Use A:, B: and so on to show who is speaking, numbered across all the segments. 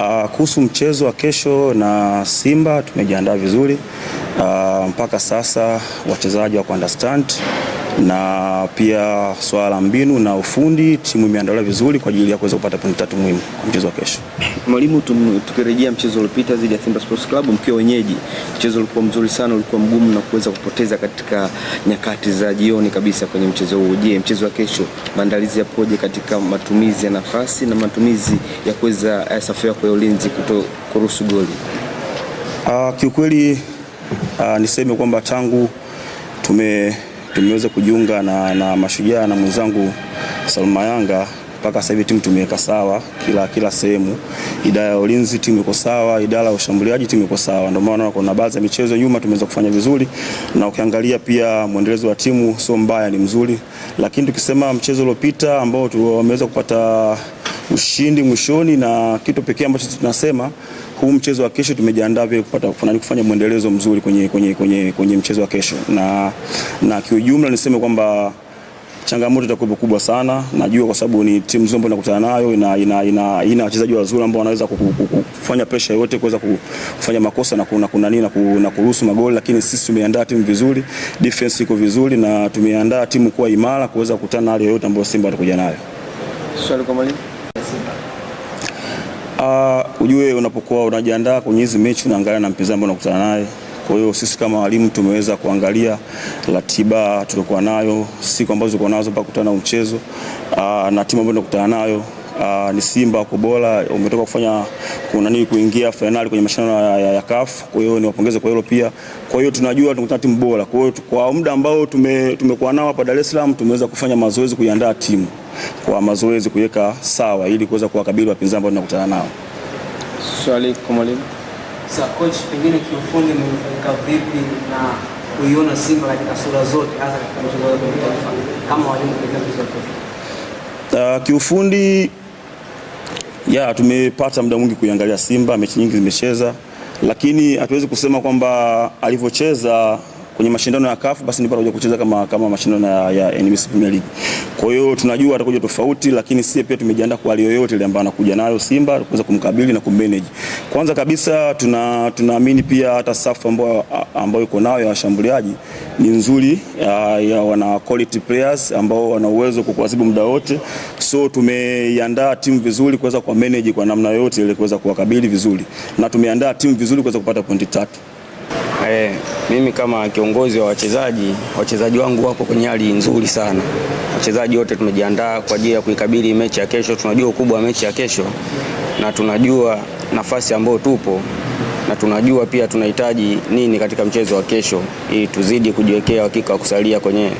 A: Ah, kuhusu mchezo wa kesho na Simba tumejiandaa vizuri. Uh, mpaka sasa wachezaji wa kuunderstand na pia swala la mbinu na ufundi, timu imeandaliwa vizuri kwa ajili ya kuweza kupata pointi tatu muhimu kwa mchezo wa kesho.
B: Mwalimu, tukirejea mchezo uliopita dhidi ya Simba Sports Club mkiwa wenyeji, mchezo ulikuwa mzuri sana, ulikuwa mgumu na kuweza kupoteza katika nyakati za jioni kabisa kwenye mchezo huu. Je, mchezo wa kesho maandalizi yapoje katika matumizi ya nafasi na matumizi ya kuweza eh, safu yako ya ulinzi kuruhusu goli?
A: Uh, kiukweli uh, niseme kwamba tangu tume tumeweza kujiunga na, na mashujaa na mwenzangu Salma Yanga mpaka sasa hivi timu tumeweka sawa kila, kila sehemu. Idara ya ulinzi timu iko sawa, idara ya ushambuliaji timu iko sawa. Ndio maana kuna baadhi ya michezo nyuma tumeweza kufanya vizuri, na ukiangalia pia mwendelezo wa timu sio mbaya, ni mzuri, lakini tukisema mchezo uliopita ambao tumeweza kupata ushindi mwishoni, na kitu pekee ambacho tunasema huu mchezo wa kesho tumejiandaa vile kupata kufanya, kufanya mwendelezo mzuri kwenye, kwenye, kwenye, kwenye mchezo wa kesho na, na kiujumla niseme kwamba changamoto itakuwa kubwa sana. Najua kwa sababu ni timu nzuri ambayo nakutana nayo, ina ina ina, ina wachezaji wazuri ambao wanaweza kufanya pressure yote, kuweza kufanya makosa na kuna kuna nini na kuruhusu magoli, lakini sisi tumeandaa timu vizuri, defense iko vizuri na tumeandaa timu kuwa imara kuweza kukutana na hali yoyote ambayo Simba atakuja nayo. Swali kwa mwalimu. Uh, ujue unapokuwa unajiandaa kwenye hizi mechi unaangalia na mpinzani ambao unakutana naye. Kwa hiyo sisi kama walimu tumeweza kuangalia ratiba tuliokuwa nayo, siku ambazo tulikuwa nazo mpaka kukutana na mchezo uh, na timu ambayo tunakutana nayo uh, ni Simba wako bora, umetoka kufanya kuna nini kuingia fainali kwenye mashindano ya, ya, ya CAF. Kwa hiyo niwapongeze kwa hilo pia. Kwa hiyo tunajua tunakutana timu bora. Kwa hiyo kwa muda ambao tume, tumekuwa nao hapa Dar es Salaam tumeweza kufanya mazoezi kuiandaa timu kwa mazoezi kuiweka sawa ili kuweza kuwakabili wapinzani ambao tunakutana nao.
C: Swali kwa mwalimu.
D: Sasa coach, pengine kiufundi mmefanyika vipi na kuiona Simba katika sura zote hasa katika mchezo wa kimataifa kama walimu
A: kwa ah, kiufundi ya tumepata muda mwingi kuiangalia Simba, mechi nyingi zimecheza, lakini hatuwezi kusema kwamba alivyocheza kwenye mashindano ya CAF, basi ndipo atakuja kucheza kama kama mashindano ya, ya NBC Premier League. Kwa hiyo tunajua atakuja tofauti, lakini sisi pia tumejiandaa kwa hali yoyote ile ambayo anakuja nayo Simba kuweza kumkabili na kummanage. Kwanza kabisa tuna tunaamini pia hata safu ambayo ambayo iko nayo ya washambuliaji ni nzuri ya, ya wana quality players ambao wana uwezo kukuadhibu muda wote. So tumeiandaa timu vizuri kuweza kwa manage kwa namna yote ile kuweza kuwakabili vizuri na tumeandaa timu vizuri kuweza kupata pointi tatu
B: eh, mimi kama kiongozi wa wachezaji, wachezaji wangu wapo kwenye hali nzuri sana. Wachezaji wote tumejiandaa kwa ajili ya kuikabili mechi ya kesho. Tunajua ukubwa wa mechi ya kesho na tunajua nafasi ambayo tupo na tunajua pia tunahitaji nini katika mchezo wa kesho ili tuzidi kujiwekea hakika wa kusalia kwenye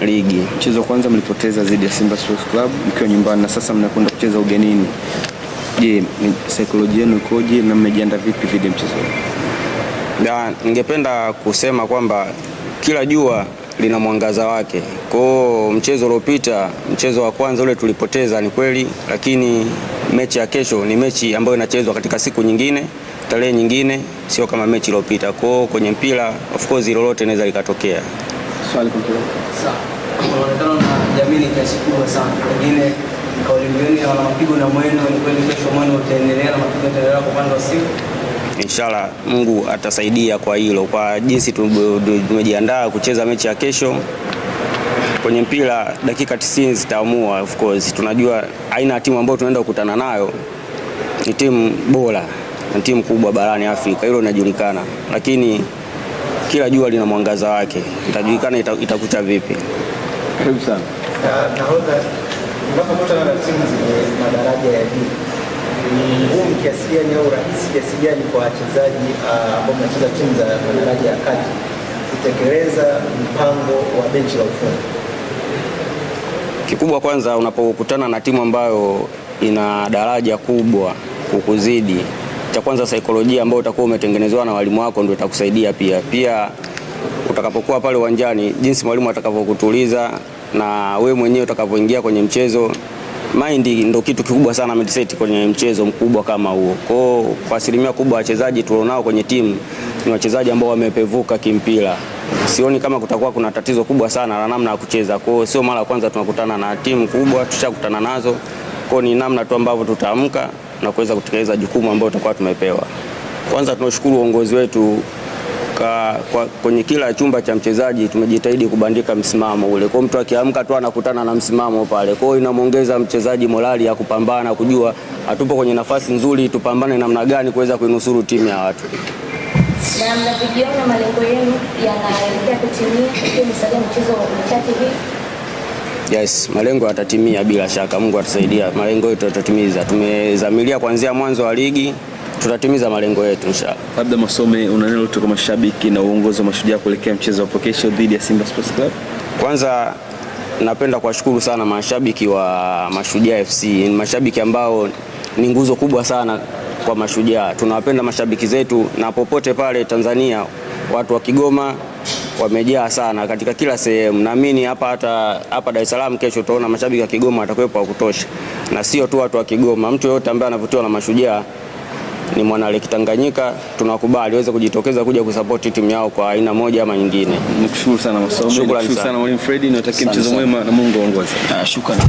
B: ligi.
C: Mchezo wa kwanza mlipoteza dhidi ya Simba Sports Club mkiwa nyumbani na sasa mnakwenda kucheza ugenini. Je, saikolojia yenu ikoje na mmejiandaa vipi dhidi ya mchezo
B: Da, ningependa kusema kwamba kila jua lina mwangaza wake. Kwa mchezo uliopita, mchezo wa kwanza ule tulipoteza ni kweli, lakini mechi ya kesho ni mechi ambayo inachezwa katika siku nyingine, tarehe nyingine, sio kama mechi iliyopita. Kwa kwenye mpira, of course, lolote linaweza likatokea.
C: Swali kwa
D: kwa na jamii kiasi kubwa sana. Wengine kauli ya mapigo na mwendo ni kweli, kesho mwendo utaendelea na mapigo yataendelea kwa upande wa
B: Inshallah Mungu atasaidia kwa hilo, kwa jinsi tumejiandaa kucheza mechi ya kesho kwenye mpira dakika 90 zitaamua. Of course tunajua aina ya timu ambayo tunaenda kukutana nayo ni timu bora na timu kubwa barani Afrika, hilo linajulikana, lakini kila jua lina mwangaza wake, itajulikana itakuta vipi.
C: Karibu sana
D: unapokuta timu zenye madaraja ya juu ni ngumu kiasi gani au rahisi kiasi gani kwa wachezaji ah, ambao wanacheza timu za madaraja ya kati kutekeleza mpango wa benchi la ufundi?
B: Kikubwa kwanza, unapokutana na timu ambayo ina daraja kubwa kukuzidi, cha kwanza saikolojia ambayo utakuwa umetengenezewa na walimu wako ndio itakusaidia pia. Pia utakapokuwa pale uwanjani, jinsi mwalimu atakavyokutuliza na we mwenyewe utakavyoingia kwenye mchezo Mind ndo kitu kikubwa sana mindset kwenye mchezo mkubwa kama huo. Kwa kwa asilimia kubwa wachezaji tulionao kwenye timu ni wachezaji ambao wamepevuka kimpira. Sioni kama kutakuwa kuna tatizo kubwa sana la namna ya kucheza. Kwa sio mara ya kwanza tunakutana na timu kubwa, tushakutana nazo. Kwa ni namna tu ambavyo tutaamka na kuweza kutekeleza jukumu ambalo tutakuwa tumepewa. Kwanza tunashukuru uongozi wetu kwa, kwa, kwenye kila chumba cha mchezaji tumejitahidi kubandika msimamo ule, kwa mtu akiamka tu anakutana na msimamo pale. Kwa hiyo inamwongeza mchezaji morali ya kupambana, kujua hatupo kwenye nafasi nzuri, tupambane namna gani kuweza kuinusuru timu ya watu.
E: Na malengo yenu yanaelekea kutimia msaada mchezo
B: Yes, malengo yatatimia bila shaka. Mungu atusaidia, malengo yetu yatatimiza. Tumezamilia kuanzia mwanzo wa ligi tutatimiza malengo yetu inshallah.
C: Labda Masome, una neno lolote mashabiki na uongozi wa Mashujaa kuelekea mchezo wa kesho dhidi ya Simba Sports Club?
B: Kwanza napenda kuwashukuru sana mashabiki wa Mashujaa FC, ni mashabiki ambao ni nguzo kubwa sana kwa Mashujaa. Tunawapenda mashabiki zetu na popote pale Tanzania, watu wa Kigoma wamejaa sana katika kila sehemu. Naamini hapa hata hapa Dar es Salaam kesho utaona mashabiki wa Kigoma watakuwepo wa kutosha, na sio tu watu wa Kigoma, mtu yoyote ambaye anavutiwa na Mashujaa ni mwana mwanareki Tanganyika, tunakubali waweze kujitokeza kuja kusapoti timu yao kwa aina moja ama nyingine.
C: Nikushukuru sana Mwalimu Fredi, niwatakie mchezo mwema na Mungu aongoze.
B: Ah, shukrani.